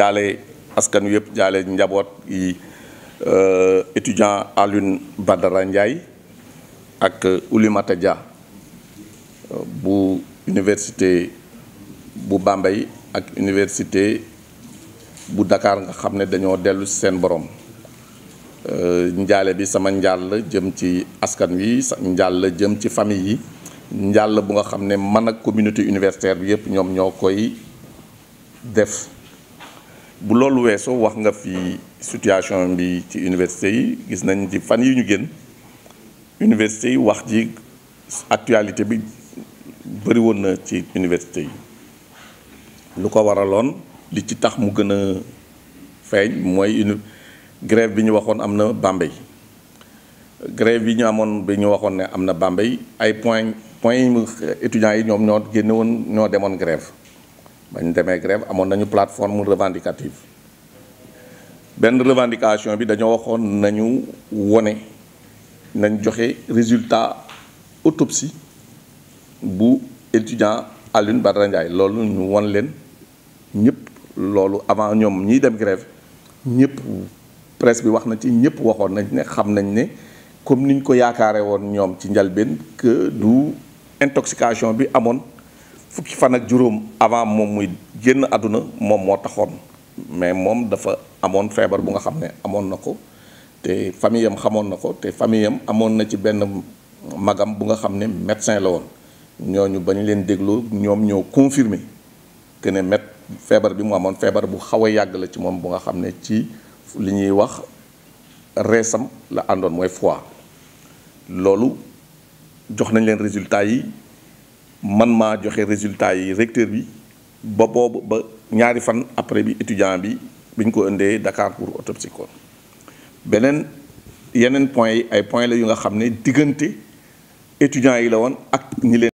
jaale askan wi yëpp jaale njaboot yi euh, étudiant Alioune Badara Ndiaye ak euh, Oulimata Dia euh, bu université bu Bambey ak université bu Dakar nga xam ne dañoo dellu seen borom njaale bi sama njaal la jëm ci askan wi njaal la jëm ci famille yi njaal bu nga xam ne man ak communauté universitaire bi yëpp ñoom ñoo koy def bu loolu weesoo wax nga fi situation bi ci université yi gis nañ ci fan yi ñu génn université yi wax ji actualité bi bëri woon na ci université yi lu ko waraloon li ci tax mu gën a feeñ mooy une grève bi ñu waxoon am na Bambey grève bi ñu amoon bi ñu waxoon ne am na Bambey ay point point étudiants yi ñoom ñoo génne woon ñoo demoon grève bañ demee grève amoon nañu plateforme revendicative benn revendication bi dañoo waxoon nañu wone nañ joxe résultat autopsie bu étudiant Alioune Badara Ndiaye loolu ñu won leen ñëpp loolu avant ñoom ñii dem grève ñëpp presque bi wax na ci ñëpp waxoon nañ ne xam nañ ne comme niñ ko yaakaare woon ñoom ci njalbeen que du intoxication bi amoon fukki fan ak juróom avant moom muy génn àdduna moom moo taxoon mais moom dafa amoon feebar bu nga xam ne amoon na ko te famille xamoon na ko te famille am amoon na ci benn magam bu nga xam ne médecin la woon ñooñu ba ñu leen dégloo ñoom ñëw confirmé que met feebar bi mu amoon feebar bu xaw a yàgg la ci moom bu nga xam ne ci li ñuy wax reesam la àndoon mooy foie loolu jox nañ leen résultat yi man maa joxe résultat yi recteur bi ba boobu ba ñaari fan après bi étudiant bi biñ ko indee dakaar pour autopsie ko beneen yeneen point yi ay point la yu nga xam ne diggante étudiants yi la woon ak ñi